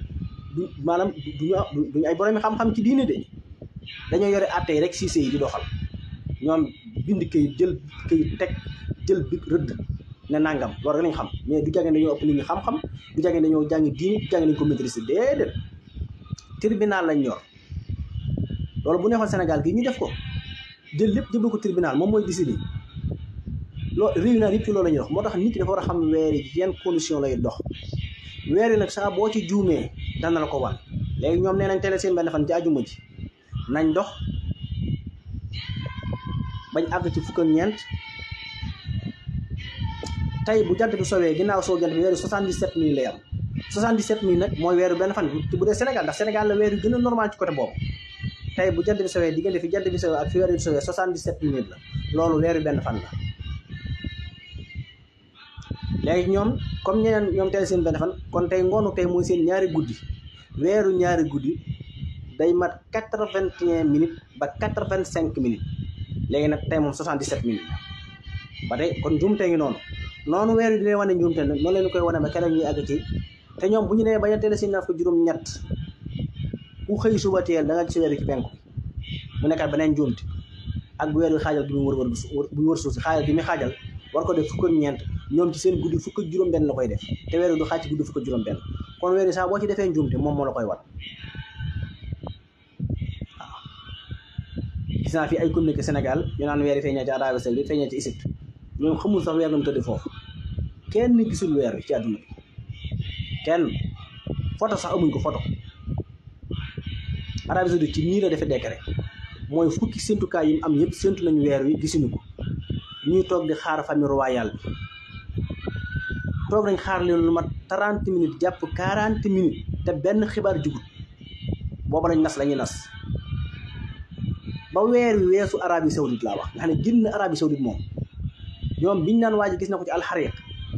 du maanaam duñu duñu ay borom xam-xam ci diine de dañoo yoré atay rek siise yi di doxal ñom bind kay jël kay tek jël bi rëdd ne nangam war nga lañ xam mais du jàngé dañoo ëpp li ñu xam-xam du jàngé dañoo jàngi diine du jàngee ko maîtriser dédé tribunal lañ ñor loolu bu neexon Sénégal gi ñu def ko jël lepp jëbal ko tribunal mom moy décider lo réew naa ci loolu la wax motax nit ki dafa wara xam weer yi yan condition lay dox weer wi nag saa boo ci juumee dana la ko wan léegi ñoom nee nañ teel seen benn fan ci ajuma ji nañ dox bañ àgg ci fukk ak ñeent tey bu jant bi sowee ginnaaw soo jant bi weeru 77000 lay am 77000 nag mooy weeru benn fan ci bu dee Sénégal ndax Sénégal la weer gën a normal ci côté boobu tey bu jant bi sowee diggante fi jant bi sowee ak fi weer yu sowee 77000 la loolu weeru benn fan la. léegi ñoom comme ñeneen ñoom tey seen benn fan kon tey ngoonu tey mooy seen ñaari guddi weeru ñaari guddi day mat quatre vingt et un ba quatre vingt cinq minutes léegi nag tey moom soixante dix sept minutes ba tey kon njuumte ngi noonu noonu weer wi dina wane njuumte nag noonu leen koy wane ba keroog ñuy àgg ci te ñoom bu ñu nee ba ñettee la si naaf ko juróom-ñett ku xëy suba teel da nga ci penku mu nekkaat beneen njuumte ak bu weer wi xaajal bi mu wër bu wër bi mu xaajal. war ko def fukk ak ñeent ñoom ci seen guddi fukk juróom-benn la koy def te weer du xàcc guddi fukk ak juróom-benn kon weer saa boo ci defee njuumte moom moo la koy wat gis naa fi ay communiqué Sénégal ñu naan weer yi feeñee ci Arabie Saoudite feeñee ci Égypte ñoom xamul sax weer nu mu tëdd foofu kenn gisul weer wi ci àdduna bi kenn photo sax amuñ ko photo Arabie Saoudite ci nii la defee décret mooy fukki séntukaay yi mu am yëpp séntu nañu weer wi gisuñu ko. ñuy toog di xaar famille royale toog nañ xaar leen lu mat 30 minutes jàpp 40 minutes te benn xibaar jugut booba lañ nas lañuy nas ba weer wi weesu arabie saoudite laa wax nga xam ne génn arabie saoudite moom ñoom biñ naan waa ji gis na ko ci alxariq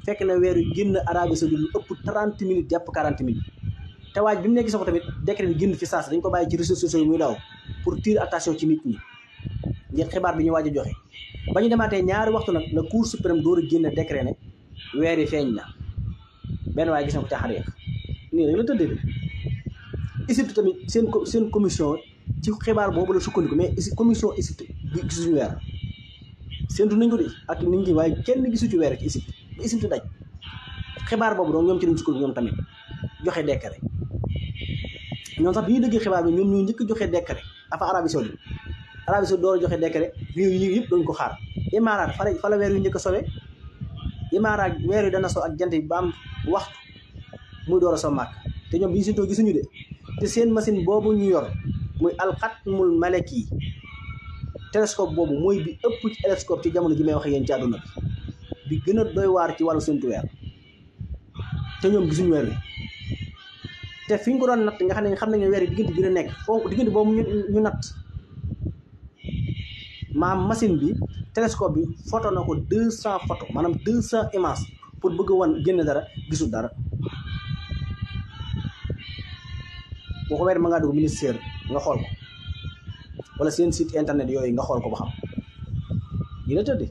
fekk na weer wi génn arabie saoudite lu ëpp 30 minutes jàpp 40 minutes te waaj bi mu ne gis ko tamit décret bi génn fi saas dañ ko bàyyi ci réseaux sociaux yi muy daw pour tiir attention ci nit ñi ngir xibaar bi ñu waaj a joxe ba ñu demaatee ñaari waxtu nag la cour suprême door a génn décret ne weer yi feeñ na benn waaye gis na ko ca xarit nii rek la tëddee de Égypte tamit seen seen commission ci xibaar boobu la sukkandiku mais commission Égypte bi gisuñu weer séntu nañ ko de ak nit ñi waaye kenn gisu ci weer ci Égypte ba Égypte daj xibaar boobu doon ñoom ci lañ sukkandiku ñoom tamit joxe décret ñoom sax bi ñu déggee xibaar bi ñoom ñoo njëkk joxe décret afa Arabie Saoudite Arabie Saoudite door a joxe décret réew yi yëpp doñ ko xaar Imaaraat fa la fa la weer yu njëkk a sobe Imaaraat weer yu dana so ak jant bi ba am waxtu muy door a so màkk te ñoom bi ñu gisuñu de te seen machine boobu ñu yor muy alxatmul malek yi télescope boobu mooy bi ëpp ci télescope ci jamono ji may wax yéen ci àdduna bi bi gën a doy waar ci wàllu séntu weer te ñoom gisuñu weer wi te fi ñu ko doon natt nga xam ne xam nañu weer yi diggante bi la nekk foofu diggante boobu natt maam machine bi telescope bi photo nako 200 photo manam 200 cent images pour bëgg won génn dara gisul dara boo ko weer ma nga dug ministère nga xol ko wala seen site internet yoy nga xol ko ba xam yi la tedd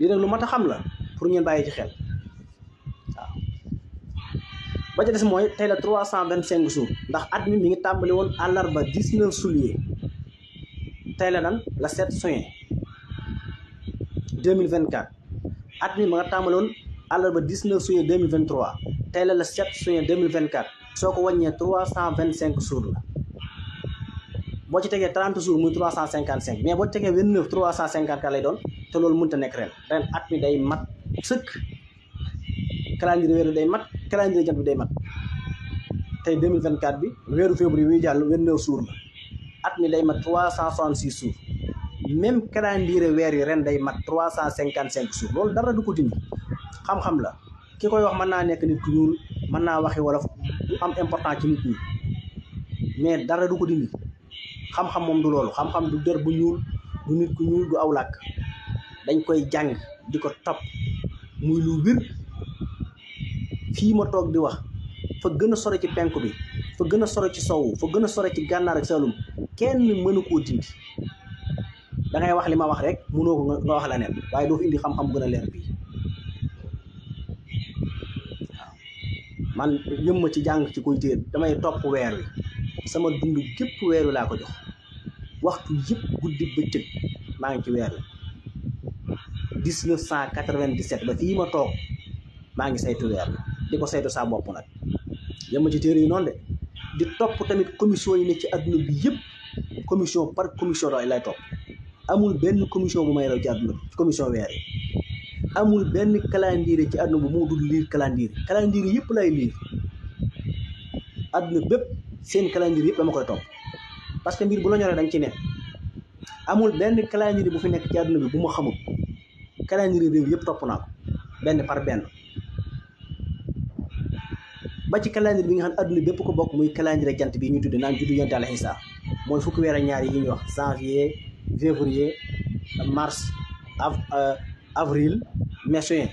lii nak lu mata xam la pour ngeen bayyi ci xel ba ca dess moy tay la 325 jours ndax admin mi ngi tambali won alarba 19 neuf tey la nan la 7 juin 2024 at mi ma nga tàmbaloon àllarba 19 juin 2023 tey la la 7 juin 2024 soo ko wàññee 325 jours la boo ci tegee 30 jours muy 355 mais boo ci tegee 29 354 lay doon te loolu mun a nekk ren ren at mi day mat sëkk calendrier weer bi day mat calendrier jant bi day mat tey 2024 bi weeru février wi jàll 29 jours la. at mi day mat trois cent soixante six jours même calendrier weer yi ren day mat trois cent cinquante cinq jours loolu dara du ko dindi xam-xam la ki koy wax mën naa nekk nit ku ñuul mën naa waxi wolof du am important ci nit ñi mais dara du ko dindi xam-xam moom du loolu xam-xam du dër bu ñuul du nit ku ñuul du aw làkk dañ koy jàng di ko topp muy lu wir fii ma toog di wax fa gën a sore ci penku bi fa gën a sore ci sowu fa gën a sore ci gànnaar ak Saalum kenn mënu koo dindi da wax li ma wax rek mënoo ko nga wax la neen waaye doo indi xam-xam gën a leer bii man yëm ma ci jàng ci koy téer damay topp weer wi sama dund gépp weer wi laa ko jox waxtu yëpp guddi bëccëg maa ngi ci weer wi dix neuf cent quatre ba fii ma toog maa ngi saytu weer wi di ko saytu saa bopp nag yëm ci téere yi noonu de di topp tamit commission yi ne ci adduna bi yëpp commission par commission lay lay top amul benn commission bu may raw ci aduna commission wéré amul benn calendrier ci aduna bu mo dul lire calendrier calendrier yépp lay lire aduna bépp seen calendrier yépp dama koy top parce que mbir bu la ñoré da ci né amul benn calendrier bu fi nekk ci aduna bi bu ma xamul calendrier réew yépp top na ko benn par benn ba ci calendrier bi nga xam aduna bépp ko bokk muy calendrier jant bi ñu tudde naan juddu yonte alayhi salaam mooy fukki weer ak ñaar yi ñuy wax janvier février mars av euh, avril mai juin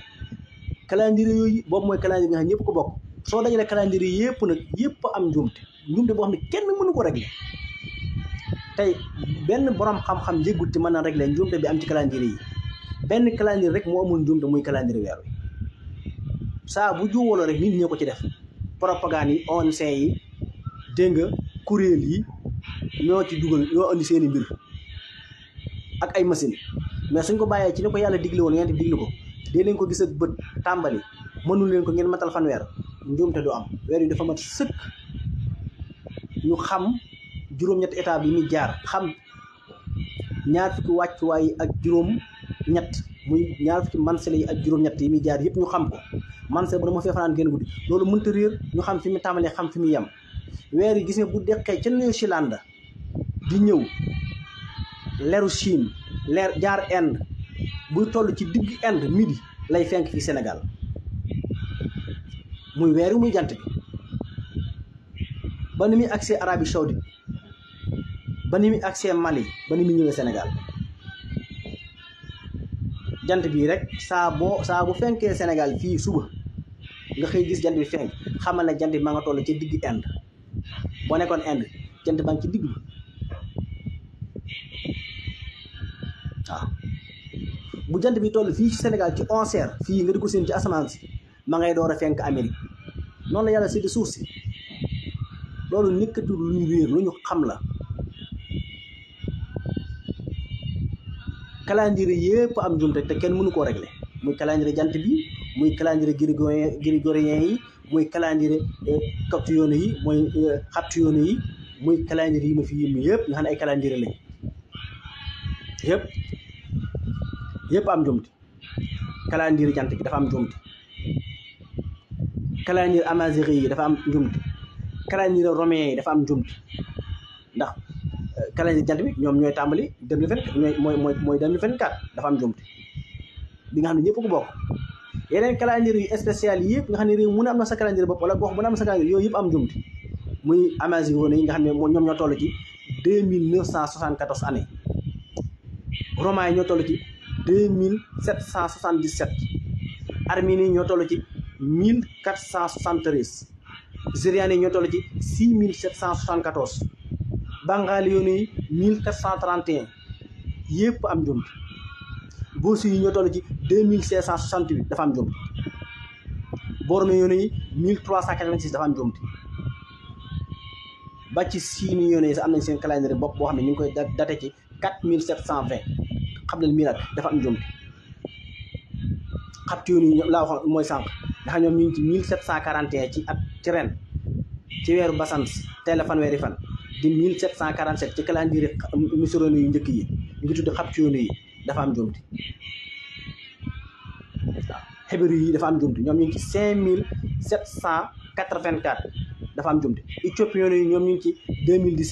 boobu mooy calendrier nga xam ñëpp ko bokk soo dajalee calendrier yëpp nag yëpp am njuumte njuumte boo xam ne kenn mënu ko régler tey benn borom xam-xam yëgut ci mën na régler njuumte bi am ci calendrier yi benn calendrier rek moo amul njuumte muy calendrier weer wi saa bu juwaloo rek nit ñi ko ci def propagande yi yi dégg nga kuréel yi ñoo ci dugal ñoo andi seeni mbir ak ay machine mais suñ ko bàyyee ci ni ko yàlla digle woon ngeen diglu ko dee leen ko gis ak bët tambali mënul leen ko ngeen matal fanweer njuumte du am weer yi dafa mat sëkk ñu xam juroom ñet état bi muy jaar xam ñaar fukki waccu way ak juroom ñet muy ñaar fukki man sele ak juroom ñet yi mi jaar yépp ñu xam ko sele bu dama fe fanan gën guddi mën mënta réer ñu xam fi mi tambali xam fi mi yam weer yi gis nga bu ci ñu ci landa di ñëw leru Chine leer jaar Inde bu toll ci digg midi lay fenk fi Sénégal muy weeru muy jant bi ba ni muy accès Arabie Saoudite ba ni muy accès Mali ba ni muy ñëwee Sénégal jant bi rek saa boo saa bu fenkee Sénégal fii suba nga xëy gis jant bi fenk xamal ne jant bi ma nga toll ci digg boo nekkoon jant baa ngi ci digg bu jant bi toll fii ci Sénégal ci onze heures fii nga di ko seen ci asamaan si ma ngay door a fenk Amérique noonu la yàlla si di suuf si loolu nekkatul lu ñu lu ñu xam la calendrier yëpp am jumte te kenn mënu koo régler muy calendrier jant bi muy calendrier grégorien yi muy calendrier euh, captuyoon yi mooy xaptuyoon euh, yi muy calendrier yi ma fi yim yëpp nga xam ay calendrier lañ yëpp yépp am njuumte calendrier jant gi dafa am njuumte calendrier amazighi yi dafa am njuumte calendrier romain yi dafa am njuumte ndax calendrier euh, jant bi ñoom ñooy tambali deux mille mooy mooy mooy deux mille vingt quatre dafa am njuumte bi nga xam ne ñëpp ko bokk yeneen calendrier yu spécial yi nga xam ne réew mu a am na sa calendrier bopp wala gox bu ne am na sa calendrier yooyu yëpp am njuumte muy amazighi yi nga xam ne moom ñoom ñoo toll ci deux mille neuf cent soixante quatorze année romain ñoo toll ci deux mille sept cent soixante dix sept arménie yi ñoo toll ci mille quatre cent soixante treize syriane yi ñoo toll ci six mille sept cent soixante quatorze bangaliyoon yi mille quatre cent trente et un yëpp am jumb boosi yi ñoo toll ci deux mille cinq cent soixante huit dafa am jumb bornéyoon yi mille trois cent yi sax am nañ seen calendrier bopp boo xam ne ñu ngi koy daté ci mille sept cent vingt xablal miiraat dafa am njuumte xab tiyoon yi laa waxoon mooy sànq ndax ñoom ñu ngi ci mille sept cent quarante et un ci at ci ren ci weeru basans teel weeri fanweeri fan di mille sept cent quarante sept ci calendrier misrono yu njëkk yi ñu ngi tudd xab tiyoon yi dafa am njuumte waaw xeberu yi dafa am njuumte ñoom ñu ngi ci cinq mille sept cent quatre-vingt-quatre dafa am njuumte éthiopiens yi ñoom ñu ngi ci deux mille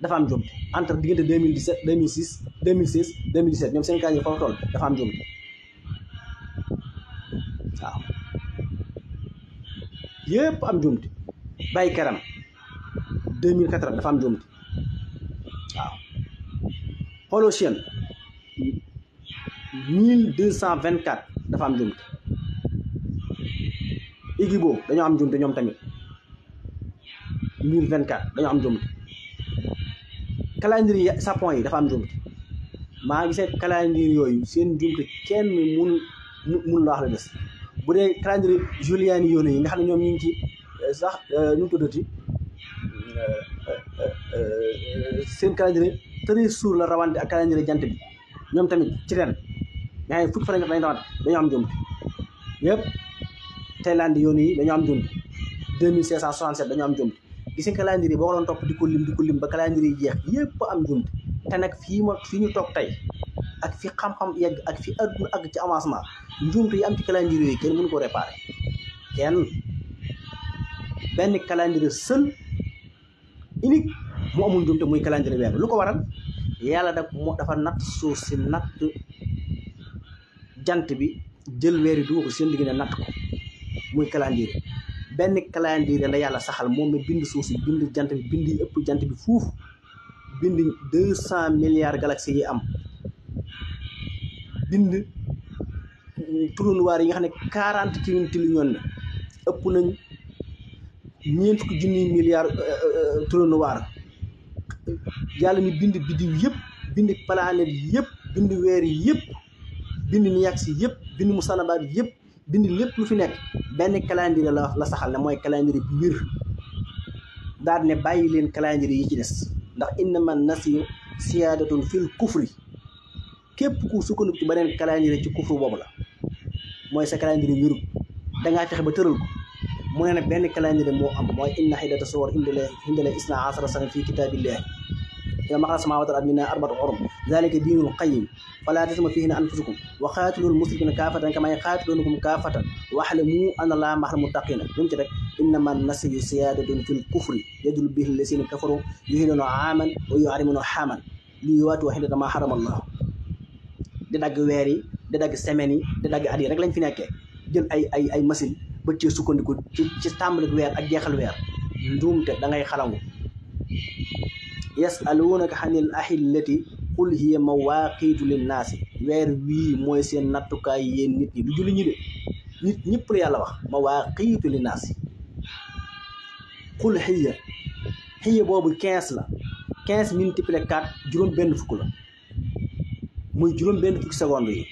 dafa am jumte entre diggante 2017 2006 2016 2017 ñoom seen casier foofu toll dafa am jumte waaw yëpp am jumte bàyyi karam 2014 dafa am jumte waaw xooloo Chine 1224 dafa am jumte Igibo dañoo am jumte ñoom tamit 1024 dañoo am jumte calendrier sapon yi dafa am njuumte maa gisee calendrier yooyu seen njuumte kenn mënu mënu la wax la des bu dee calendrier julien yoon yi nga xam ne ñoom ñu ngi ci euh, sax euh, nu mu tuddati euh, seen calendrier treize jours la rawante ak jant bi ñoom tamit ci ren nga xam ne fukki fan lañ rawante dañoo am njuumte yëpp Thaïlande yoon yi dañoo am njuumte deux mille cinq cent soixante-sept dañoo am njuumte gis nga calendrier boo ko doon topp di ko lim di ko lim ba calendrier yi jeex yépp am njuumte te nag fii ma fi ñu toog tey ak fi xam-xam yegg ak fi adduna ak ci avancement njuumte yi am ci calendrier yooyu kenn mënu ko réparé kenn benn calendrier seul unique mu amul njuumte muy calendrier weer lu ko waral yàlla da mu dafa natt suuf si natt jant bi jël weer yi dugal ko seen diggante natt ko muy calendrier benn calendrier la yàlla saxal moom la bind suuf si bind jant bi bind yi ëpp jant bi fuuf bind deux cent milliards galaxies yi am bind trous yi nga xam ne quarante trillions nañ ñeent fukki junniy milliards euh, euh, euh, trous yàlla mi bind biddiw yëpp bind planète yëpp bind weer yi yëpp bind niyax yi yëpp bind musanabaat yëpp bind lépp lu fi nekk benn calendrier la la saxal ne mooy calendrier bu wér daal ne bàyyi leen calendrier yi ci des ndax inna innama nasiyu siyaadatun fil kufri képp ku sukkandiku ci beneen calendrier ci kufru boobu la mooy sa calendrier wérul dangaa fexe ba tëral ko mu ne nag benn calendrier moo am mooy inna xiddata suwar indala indala isna asara sana fii kitaabillahi ila maxra samawati wal ardi minha arbatu hurum zalika dinul qayyim fala tasma wa qatilul mushrikina kaafatan kama yuqatilunakum kaafatan wahlamu anna allaha ma'al muttaqina dum ci rek innama nasiyu siyadatun fil kufri yadul bihi alladhina kafaru yuhiluna aaman wa yuharimuna haaman li yuwaatu hillata ma harama allah di dagg weer yi di dagg semaine yi di dagg at rek lañ fi nekkee jël ay ay ay machine ba cee sukkandiku ci ci tàmbalik weer ak jeexal weer njuumte da ngay xalangu yasaluunaka xanil ahillati qul hiya mawaaqiitu linnaasi weer wii mooy seen nattukaay yéen nit ñi du julli ñi de nit ñëpp la yàlla wax mawaaqiitu linnaasi qul hiya hiya boobu quinze la quinze multiplié quatre juróom benn fukk la muy juróom benn fukk seconde yi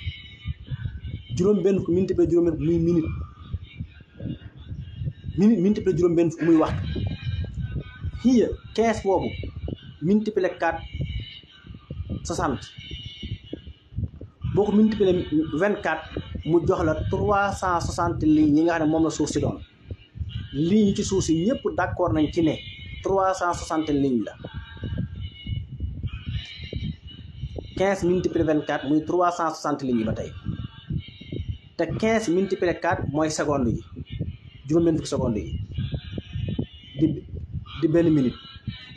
juróom benn fukk multiplié juróom benn muy minute minute multiplié juróom benn fukk muy waxtu hiya quinze boobu multiplier 4 60 boko ko multiplier 24 mu jox la 360 li yi nga xamne mom la suuf si doon lignes yi ci suuf si yépp d'accord nañ ci né 360 lignes la 15 multiplier 24 muy 360 lignes yi ba tey te 15 multiplier 4 moy seconde yi juróom-benn fuk seconde yi di di ben minute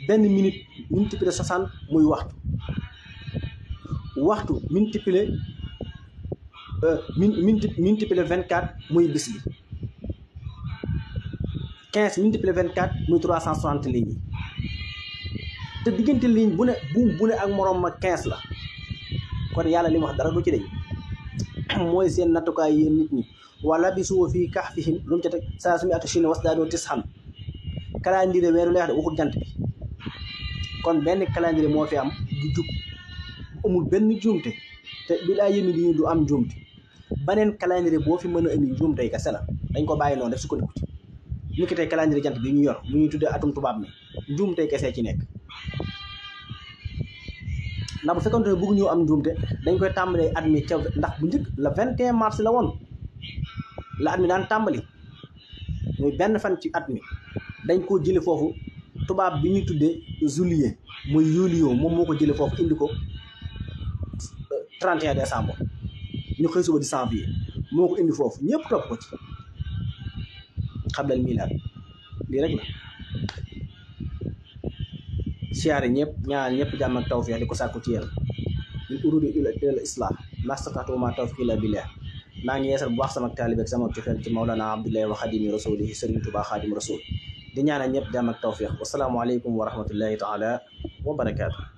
ben minute multiplier soixante muy waxtu waxtu multiplier euh, multiplier vingt quatre muy bis bi quinze multiplier vingt quatre muy trois cent soixante lignes yi te diggante ligne bu ne buum bu ne ak moroom ma quinze la kon yàlla li mu wax dara du ci dey [clears throat] mooy seen nattukaay yéen nit ñi wala bi suwa fii kax fihim lu mu ca teg saa su mi atu chine wasdaadoo tis xam kalendier weeru leex de waxul jant kon benn calendrier moo fi am bu jub amul benn njuumte te bilaa yëmi li du am njuumte baneen calendrier boo fi mën a indi njuumte yi kese la dañ ko bàyyi noonu def su ko dikkuti ñu ki tey calendrier jant ñu yor mu ñuy tuddee atum mi njuumte kese ci nekk ndax bu fekkonte ne bëgg am njuumte dañ koy tàmbalee at mi ca ndax bu njëkk le 21 mars la woon la at mi daan tàmbali muy benn fan ci at mi dañ koo jële foofu tubaab bi ñu tuddee juillet muy yulio moom moo ko jëlee foofu indi ko 31 euh, sambo ñu xëy suba di janvier moo ko indi foofu ñëpp topp ko ci xam leen milaat lii rek la siyaare ñëpp ñaan ñëpp jàmm ak tawfiix di ko sàkku ci yéen in uriidu illal islaah mastata'tu wa maa tawfiiqii illaa billaah maa ngi yeesal bu baax sama taalibe ak sama cofeel ci Mawlana Abdullahi wa Xaadimi Rasuulihi Sëriñ Tuubaa Xaadimu Rasuul di ñaanal ñëpp jàmm ak tawfiq wasalaamualeykum wa rahmatullahi taala wa barakaatu